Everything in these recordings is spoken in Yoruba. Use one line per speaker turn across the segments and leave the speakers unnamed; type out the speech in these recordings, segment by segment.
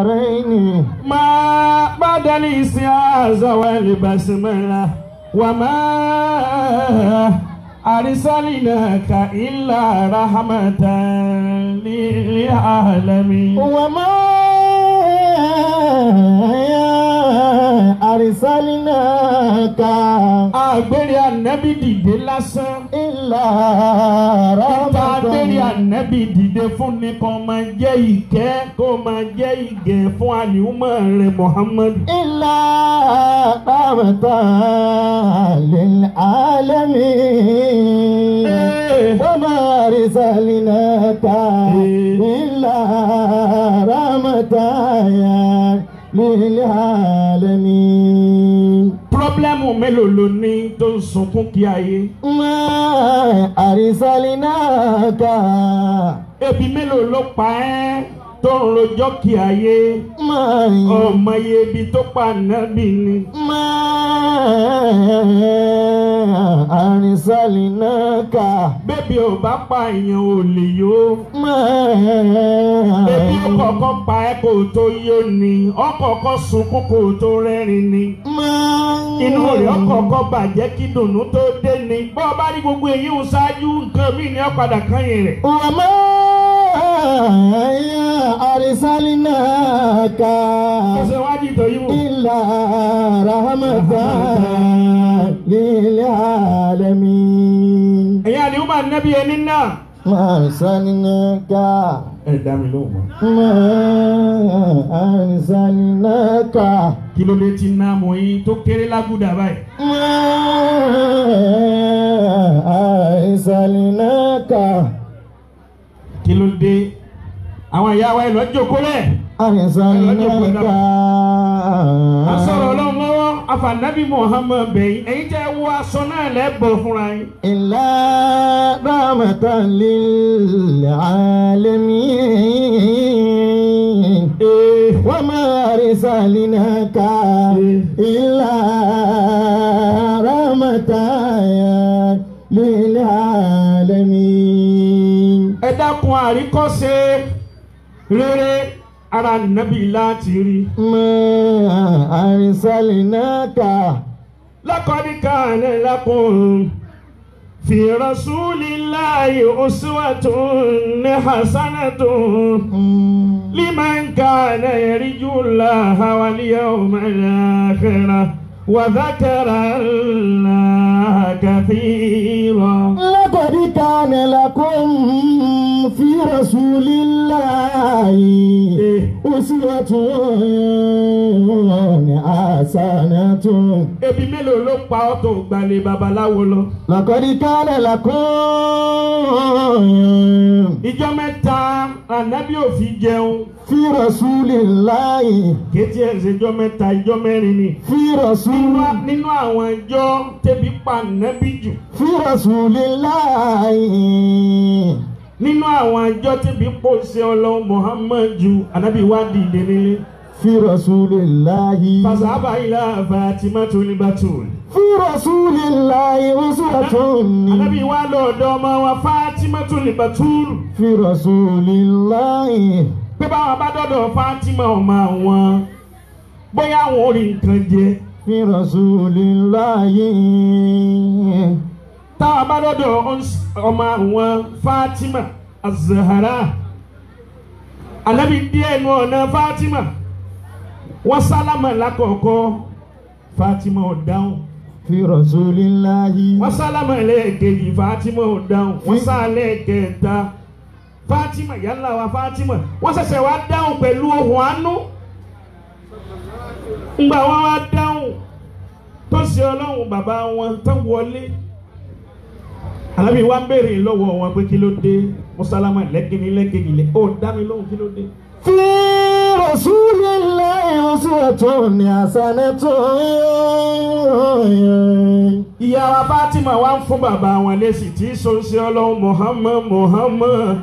ما بعد الإسياز والبسملة وما أرسلناك إلا رحمة للعالمين وما àrísálínàkà. àgbèrè ànẹ́bí dìde lásán. ìlà rọ́bàdàn. àgbèrè ànẹ́bí dìde fún ni kò máa jẹ́ ìkẹ́ kò máa jẹ́ ìgẹ̀ fún àníwúmọ̀ rẹ̀ Muhammad. ìlà rọ́bàdàn lil alamin. وما رسالناك إلا رمتايا lil alamin. pírọ́blẹ́mù mélòó ló ní tó ń sunkún Ma, ayé. máa ebi mélòó ló pa ẹ́ tó ń rojọ́ kí ayé. Ma. iye ibi tó pa nábì ni. máa sálì náà kà. bébí ò bá pa èèyàn ò lè yó. bébí ọkọ̀ọ̀kan pa ẹ́ kò tó yó ni ọkọ̀ọ̀kan sunkún kò tó rẹ́rìn ni. inú rẹ̀ ọkọ̀ọ̀kan bàjẹ́ kí dùnnú tó dé ni. bọ́ọ̀ bá rí gbogbo èyí ń ṣáájú nǹkan mí ni ó padà kàn rẹ̀. wàmọ́ arsalinaka illa rahmatan lil alamin. ẹ̀yin àlùmọ̀ nẹ́bí ẹni náà. máa arsalinaka. ẹ dá mi lóhùn mọ́. máa arsalinaka. kí ló dé tí ń ná mọ́ yín tó kéré lágùdà báyìí. máa arsalinaka. kí ló dé àwọn ìyá wa ìlọ jókòó lẹ̀. àyànsá ilé ẹ̀ka. asọ̀rọ̀ ọlọ́run lọ́wọ́ afànábì Muhammad bẹ̀yìn ẹ̀yin tẹ́ wọ aṣọ náà lẹ́bọ̀ fúnra yín. ìlà dáàmàtà lílẹ̀ àlẹ́mí. wọ́n máa rí sàlínà ká ìlà rámàtà lílẹ̀ àlẹ́mí. ẹ dákun àríkọ́ṣe rere ara nàbí láti rí. mọ àrísàlì náà kà. lọ́kọ̀ọ́dí kan lákùn fi rasulillahi uswatun hasanatun mm. liman kana yarjullaha wal yawmal akhirah wa dhakara allaha kathira. lọ́kọ̀ọ́dí kan lákùn fi rasulillahi eh. uswatun hasanatun. ebi mélòó ló pa ọ́ tó gbalẹ̀ babaláwo lọ. laqad kana lakum. ìjọ mẹ́ta ànábì ò fi jẹun. fi rasulillahi. kétí ẹ̀ ṣe jọ mẹ́ta ìjọ mẹ́rin ni. fi rasulillahi. nínú àwọn ìjọ tẹ̀bí pa ànábì jù. fi rasulillahi nínú àwọn àjọ tíbi pọ̀ sí ọlọ́run muhammadu anabi wa dìde nílé. fi rasulillahi. fasaba ila fatimatu libatul. fi rasulillahi uswatun. anabi wa lọ́dọ̀ ọmọ wa fatimatu libatul. fi rasulillahi. pé báwa bá fatima ọmọ àwọn bóyá àwọn orí nǹkan jẹ. fi tá a bá dọ́dọ̀ ọmọ wọn Fatima azahara anabi díẹ̀ nu ọ̀nà Fatima wọ́n sálámà lákọ̀ọ́kọ́ Fatima ò dáhùn fi rasulillahi. wọ́n sálámà lẹ́ẹ̀kejì fatima ò dáhùn wọ́n sá fatima yálà wa fatima wọ́n ṣẹ̀ṣẹ̀ wá dáhùn pẹ̀lú ohùn àánú. ngbà wọn wá dáhùn tó ṣe ọlọ́run bàbá wọn tó wọlé alábì wa ń béèrè lọ́wọ́ wọn pé kí ló dé mùsàlámà lẹ́gìnní lẹ́gìnní lẹ́ ó dá mi lóhùn kí ló dé. fi rasulillahi uswatun hasanatun. ìyá wa Fatima wa ń fún bàbá wọn lésì tí sọ́nsẹ́ ọlọ́run Muhammad Muhammad.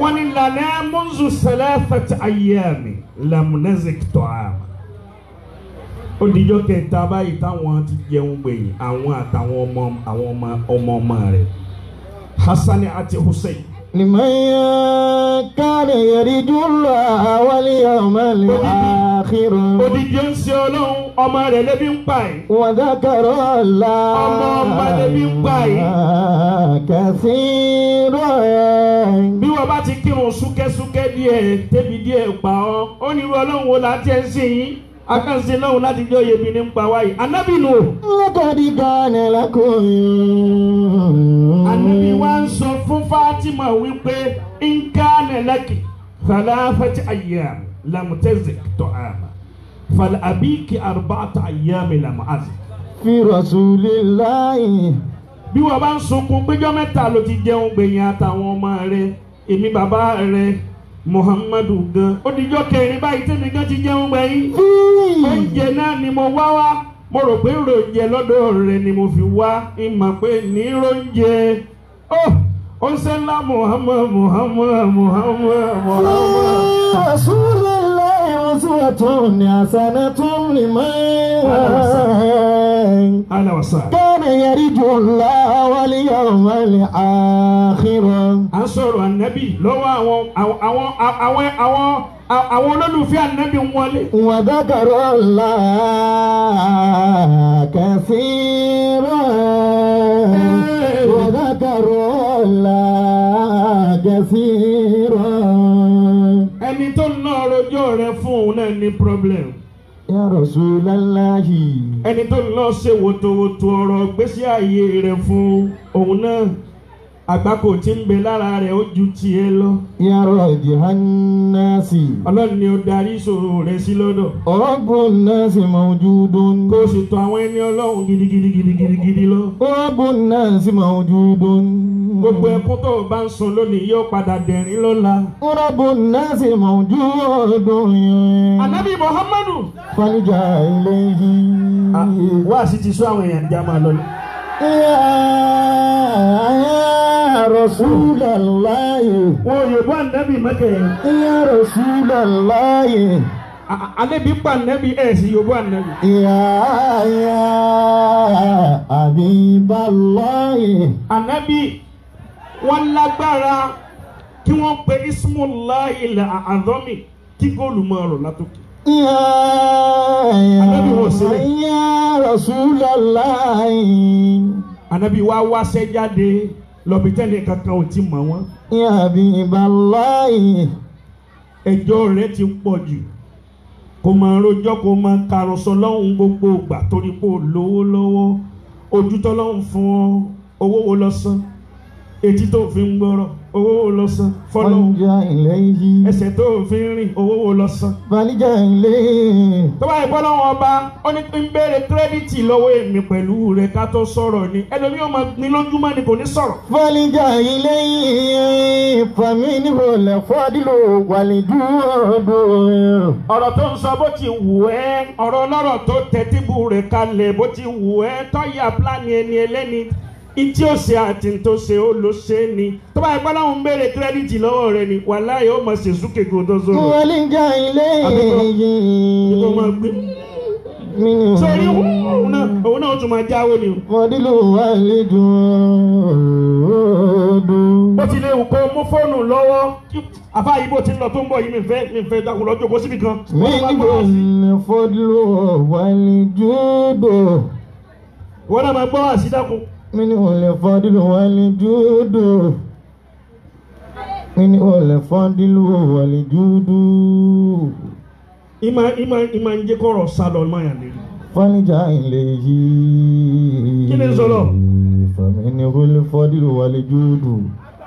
wọ́n ní lànà munzu salasat ayyami lam nazik ta'ama ó dijọ́ kẹta báyìí táwọn ti jẹun gbẹ̀yìn àwọn àtàwọn ọmọ àwọn ọmọ ọmọ ọmọ rẹ̀ Hasan àti Hussein. لمن كان يريد الله واليوم الآخر odidi ń ṣe ọlọ́run ọmọ rẹ̀ lẹ́bi ń pa yìí. وذكر الله ọmọ ọmọ lẹ́bi ń pa yìí. كثيرا bí wọ́n bá ti kírun súkẹ́súkẹ́ díẹ̀ tẹ́bi díẹ̀ pa ọ́ ó ní ọlọ́run wo la tẹ́ ń sìn yín akansi náà láti jọ yẹbi ní npa wáyé anabi nù. lọ́kọ̀dí gánà lákòó. anabi wa ń sọ fún Fatima wípé nkánà lákì falafati ayyam lamutẹ́sẹ̀ tọ́ àmà falabiki arbata ayyam lamuazi. fi rasulillahi. bí wọ́n bá ń sunkún péjọ́ mẹ́ta ló ti jẹun gbẹ̀yìn àtàwọn ọmọ rẹ̀ èmi bàbá rẹ̀ muhammadu gan ó dijọ́ kẹrin báyìí tẹ́mi gan ti jẹun gbẹ̀yìn oúnjẹ náà ni mo wá wá mo rò pé ròǹjẹ lọ́dọ̀ rẹ̀ ni mo fi wá ìmọ̀ pé ní ròǹjẹ ó ó ń ṣe ńlá Muhammad Muhammad Muhammad Muhammad. Rasulullah uswatun hasanatun liman kana yarju Allah wal yawmal akhir. a sọ̀rọ̀ ànábì lọ́wọ́ àwọn àwọn àwọn àwọn àwọn olólùfẹ́ ànábì ń wọlé. wọ́n dákàrọ̀ ọ̀la kẹsí rẹ̀ wọ́n dákàrọ̀ ọ̀la kẹsí rẹ̀. ẹni tó ń ná ọrọ̀jọ́ rẹ fún òun náà ní problem. Ya Rasulallahi. ẹni tó ń lọ ṣe wòtòwòtò ọ̀rọ̀ gbèsè ààyè rẹ̀ fún òun náà àgbákò tí ń bẹ lára rẹ̀ ó ju tiẹ̀ lọ. yàrá ìdíhánásì. ọlọ́run ni ó darí ìṣòro rẹ̀ sí lọ́dọ̀. ọ̀rọ̀bùn náà sì mawjudun. kó o sì tọ àwọn ẹni ọlọ́run gidigidi gidigidi lọ. ọ̀rọ̀bùn náà sì mawjudun. gbogbo ẹkún tó o bá ń sọ lónìí yóò padà dẹ̀rín lọ́la. ọ̀rọ̀bùn náà sì mawjudun. anabi muhammadu. fanijá ilé yìí. wá sí ti sọ àwọn èèyàn já máa Ya Rasulallah. Wọ́n yóò ànábì mẹ́kẹ̀. Ya Rasulallah. Ànábì pa ànábì ẹ̀ sí yóò ànábì. Ya ya Abi Habiballah. Ànábì wọ́n lágbára kí wọ́n pe ismullah ilẹ̀ àdọ́mì kí góòlù máa rọ̀ látòkè. Ya ya ya Rasulallah. Anabi wa wáṣẹ́ jáde lọ́bi tẹ́lẹ̀ kankan ò ti mọ̀ wọ́n. yàbí ìbáláyé. ẹjọ́ rẹ̀ ti pọ̀ jù kò máa rojọ́ kò máa karùsọ lọ́hùn gbogbo ìgbà torí kò lówó lọ́wọ́ ojútọ́ lọ́hùn fún ọ owó wo lọ etí tó fi ń gbọ́rọ̀ owó wo lọ san fọlọ́wọ́ ẹsẹ̀ tó fi ń rìn owó wo lọ san. balija ilé. tó bá ìgbọ́ lọ́wọ́ ọba ó ní pín béèrè kírẹ́dìtì lọ́wọ́ èmi pẹ̀lú rẹ̀ ká tó sọ̀rọ̀ ni ẹlòmíì ọmọ ní lójúmọ́ ni kò ní sọ̀rọ̀. balija ilé fami níbo lẹ fọdílò wàlídúró. ọ̀rọ̀ tó ń sọ bó ti wù ẹ́ ọ̀rọ̀ lọ́rọ̀ tó tẹ́tíbù rẹ̀ kalẹ̀ bó ti wù ẹ́ tọ́yà pílánì ẹni ẹlẹ́ni ntí ó ṣe àti ni tó bá ẹgbẹ́ ń béèrè kírẹ́dìtì lọ́wọ́ rẹ ni wàláhì ó máa ṣe súnkè kó tó sọ̀rọ̀. mo lè ga ilé yìí. àbíkọ́ máa gbé. sori òun náà òun náà ó tún máa jáwé ni. mo nílò wà lẹ́dùn-ún. bó ti lè wù kó mú fóònù lọ́wọ́ àfa yìí bó ti lọ tó ń bọ̀ yìí mi fẹ́ mi fẹ́ dákun lọ́jọ́ kó síbi kan. mi ní fọdúró wà lẹ́dùn-ún. wọ́n náà máa gbọ́ àṣìdákun. منه الفضل والجود منه الفضل والجود ìmọ̀ ìmọ̀ ìmọ̀ ń jẹ́ kọ́rọ̀ sálọ ìmọ̀ yàn lérí. fọ́nìjà ilé yìí. kí ni n sọ̀rọ̀. fàmí ni olè fọ́dìrò wálé júùdù.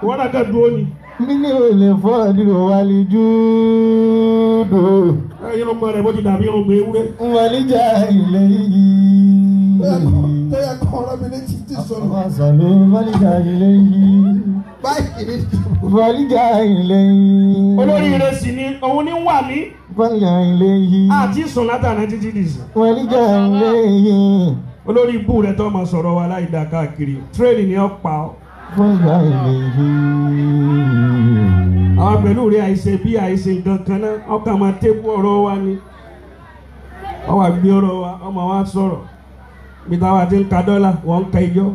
wọ́n náà ká dúró ni. mi ni olè fọ́dìrò wálé júùdù. ẹ̀yin ọmọ rẹ̀ bó ti dàbí ọmọ ewúrẹ́. wàlíjà ilé yìí ọ̀rọ̀ mi létí ti sọ̀rọ̀. àbáṣà ló wálíjà ilé yìí. báyìí. wálíjà ilé yìí. olórí ire sì ni òun ní wà mí. wálíjà ilé yìí. àti sùn látàná títí dìsí. wálíjà ilé yìí. olórí ibú rẹ tó máa sọ̀rọ̀ wa láì dá káàkiri tírẹ́ẹ̀nì ni ó pa ọ́. wálíjà ilé yìí. àwọn pẹ̀lú rẹ àìṣe bí àìṣe gankan náà ọkàn máa tẹ́kù ọ̀rọ̀ wa ni ọwọ́ àgbẹ̀ ọ̀rọ̀ wa ọmọ wa sọ̀rọ̀ mi táwa ti ń ka dọ́là wọ́n ń ka ijọ́.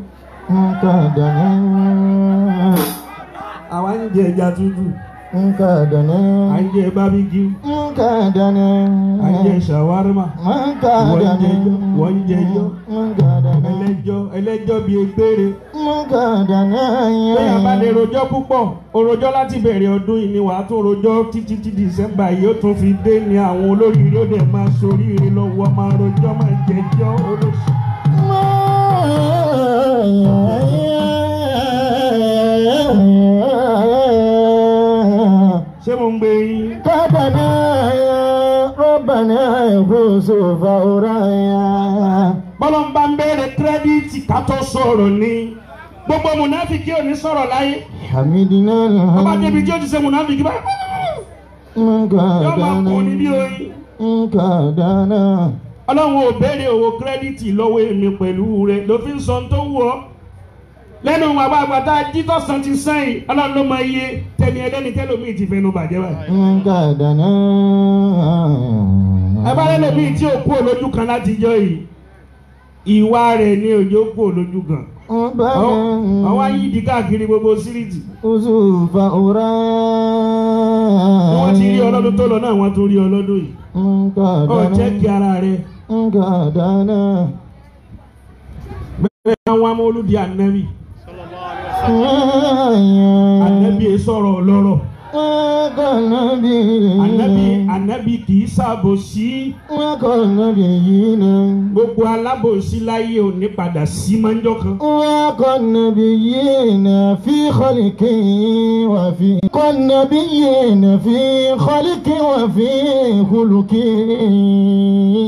àwa ń jẹ ẹja tútù. Nka dane. À ń jẹ bábíkí. Nka dane. À ń jẹ ṣàwárìmà. Nka dane. Wọ́n ń jẹ ẹjọ́. Nka dane. Ẹlẹ́jọ́ ẹlẹ́jọ́ bíi egbére. Nka dane. Bẹ́ẹ̀ abalẹ̀ rojọ́ púpọ̀, orojọ́ láti bẹ̀rẹ̀ ọdún yìí ni wàá tún rojọ́ títí tí Dìsẹ́mbà yìí ó tún fi dé ní àwọn olóríire ó dẹ̀ máa soríire lọ́wọ́ máa rojọ́ máa jẹjọ́ olóṣèlú ṣé mo ń gbé yín. bàbá náà yá rọ́bà náà ẹ̀kọ́ sọ̀fà ọ̀rá yá. bọ́lá ń bá ń bẹ̀rẹ̀ kírẹ́díìtì ká tó sọ̀rọ̀ ni gbogbo munafiki ò ní sọ̀rọ̀ hamidi ọba débi tí ti ṣe munafiki báyìí. nǹkan dáná. yọ máa kú ni oyin. nǹkan dáná ọlọ́run ò béèrè owó kírẹ́díìtì lọ́wọ́ èmi pẹ̀lú rẹ̀ ló fi ń sọ tó wù lẹ́nu àwọn àgbàtà jítọ̀sán ti sẹ́yìn ọlọ́run ló mọ iye tẹni ẹlẹ́ni tẹ́lómi ti fẹnu bàjẹ́ báyìí. nga dana. ẹ̀bárẹ́ lèmi tí ò kú olójú kan láti jọ yìí ìwà rẹ̀ ni òjò kú olójú kan àwọn ayíǹdí káàkiri gbogbo síríìtì. oṣù fa òrà. wọ́n ti rí ọlọ́dún tó lọ náà wọ́n tún rí ọlọ́dún yìí. ọ̀jẹ̀ kí ara rẹ̀ gadana bẹ́ẹ̀ àwọn amóolùdí ànábì ànábì sọ̀rọ̀ lọ́rọ̀. Ànábì. Ànábì Ànábì kì í ṣàbòsí. Wọ́n kọ́ Ànábì yìí náà. Gbogbo alábòsí láyé ò ní padà sí mọ́jọ́ kan. Wọ́n kọ́ yìí náà fi kọ́lìkì wà fi. Kọ́ Ànábì yìí náà fi kọ́lìkì wà fi kulùkì.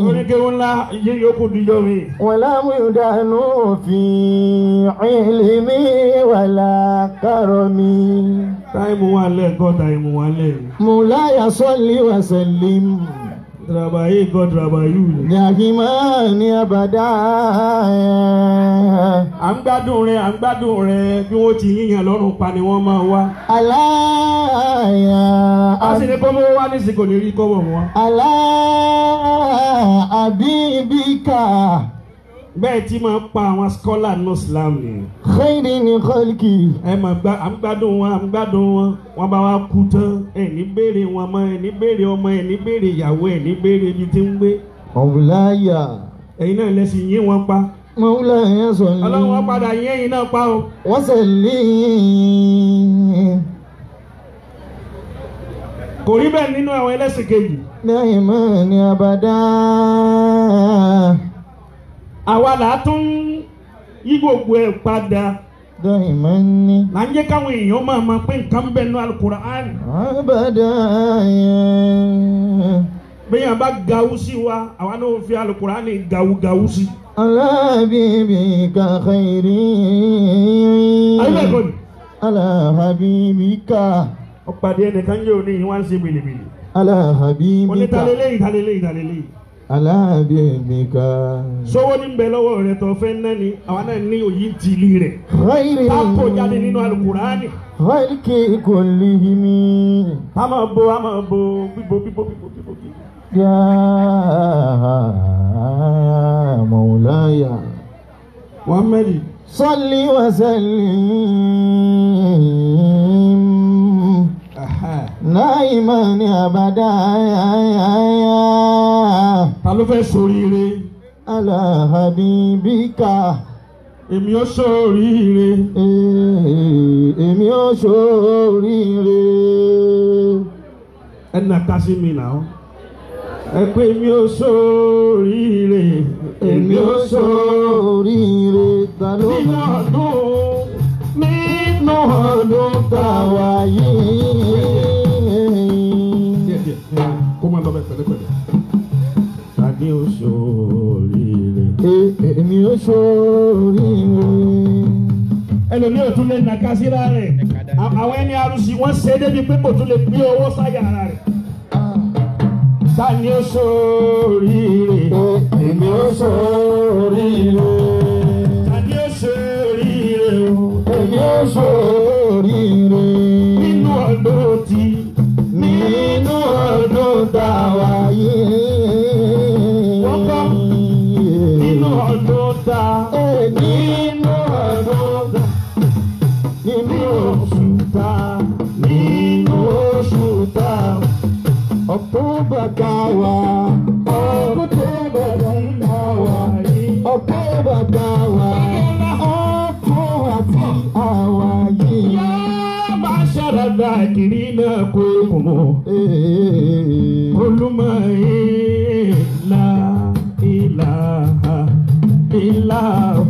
Oríkèwò ńlá yé yókù díjọ́ mi. Wàlá mi ò òfin ìlímí wàlá kárọ̀ mi. táìmù wà lẹ́ẹ̀kọ́ táìmù wà lẹ́ẹ̀kọ́. mùláyà sọ́ọ̀lì wàṣẹ̀ lìm. Trabaye God trabayu. draba ni àbàdá. À ń gbádùn rẹ̀ à ń gbádùn rẹ̀ bí ti yíyan lọ́rùn pa ni wọ́n máa A sì ní kọ́mọ́ wá nísìkò ní rí kọ́mọ̀ wọn. bẹ́ẹ̀ tí máa pa àwọn scholar nù Islam ni. xeyìrì ni kọ́lìkì. ẹ mà gba à ń gbádùn wọn à wọn wọn bá wa kú tán ẹ ní béèrè wọn mọ ẹ ní béèrè ọmọ ẹ ní béèrè ìyàwó ẹ ní béèrè ibi tí ń gbé. ọ̀bùláyà. ẹ̀yin náà lẹ́sìn yín wọn pa. mọ̀wúlà yẹn sọ ní. ọlọ́run wọn padà yín ẹ̀yin náà pa o. wọ́n sẹ̀ lé kò rí bẹ́ẹ̀ nínú àwọn ẹlẹ́sìn kejì. lẹ́yìn mọ́ ni abadá àwa là á tún yí gbogbo ẹ̀ padà dọ́yìn máa ń ní. là ń jẹ́ káwọn èèyàn máa ma pé nǹkan bẹ́ẹ̀ ní alukur'an. abada yẹn. bẹ́ẹ̀ yẹn bá gawu sí wa àwa náà fi alukur'an ní gawu gawu sí. alábìbì ka xeyìrì. ayé kò ní. alábìbì ka. ọ̀pàdé ẹnìkan yóò ní ìwáǹsì bìlìbìlì. alábìbì ka. onítàlélẹ́yìn tàlélẹ́yìn tàlélẹ́yìn alábìbìkà. sọ́wọ́ ní bẹ̀ lọ́wọ́ rẹ̀ tó fẹ́ náà ni àwọn náà ní òyì ń tìlí rẹ̀. rẹ́ẹ̀rì táàpù jáde nínú alukurani. rẹ́ẹ̀rì kì í kò lè yí mi. a máa bo a máa bo bíbo bíbo bíbo bíbo. yá mọ̀wúláyà. wàá mẹ́rin. sọ́lí wàá sẹ́lẹ̀. Na imani àbádá ayáyáyá. ta ló fẹ́ ṣoríire. aláhàbíbíkà. èmi ó ṣoríire. èmi ó ṣoríire. ẹ nà ká sí mi nà ẹ pé mi ò sóríire èmi ò sóríire ta ló mọ̀ nínú ọdún nínú ọdún tá yìí díẹ̀ kó máa lọ bẹ pẹ̀lẹ́pẹ̀lẹ́. Adé ó ṣoríire. Èmi ó ṣoríire. Ẹlòmíì ò tún lè nàka síra rẹ̀. Àwọn ẹni arúsí wọ́n ṣe débi pé kò tún lè gbé owó sáyà ara rẹ̀. Sani ó ṣoríire. Èmi ó ṣoríire. Sani ina kumo oluma ila ilaha ilaha.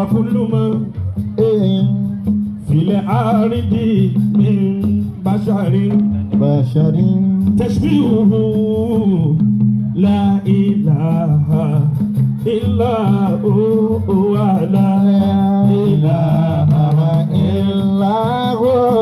وكل ما في العارض من بشر بشر تشبيهه لا إله إلا هو لا إله إلا هو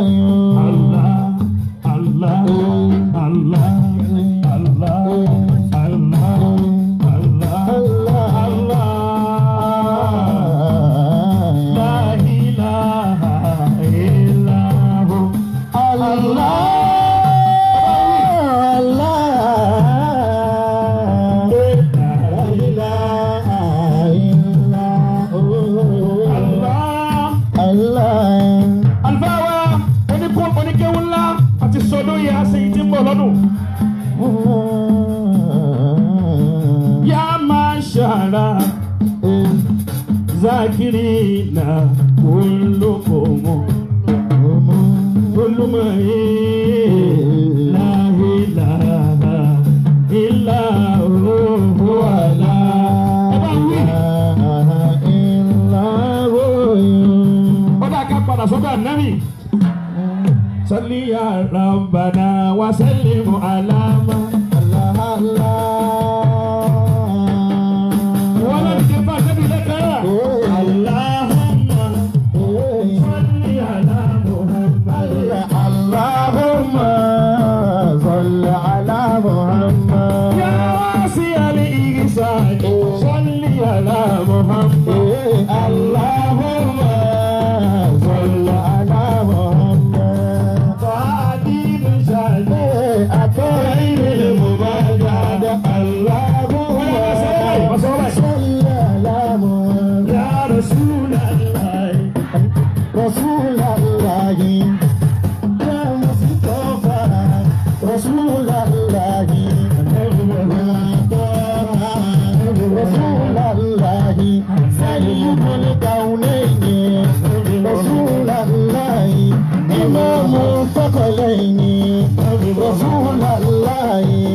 àsọ́gbà nẹ́bì. sọ́lí ya Rabbana wa sallimu alama. I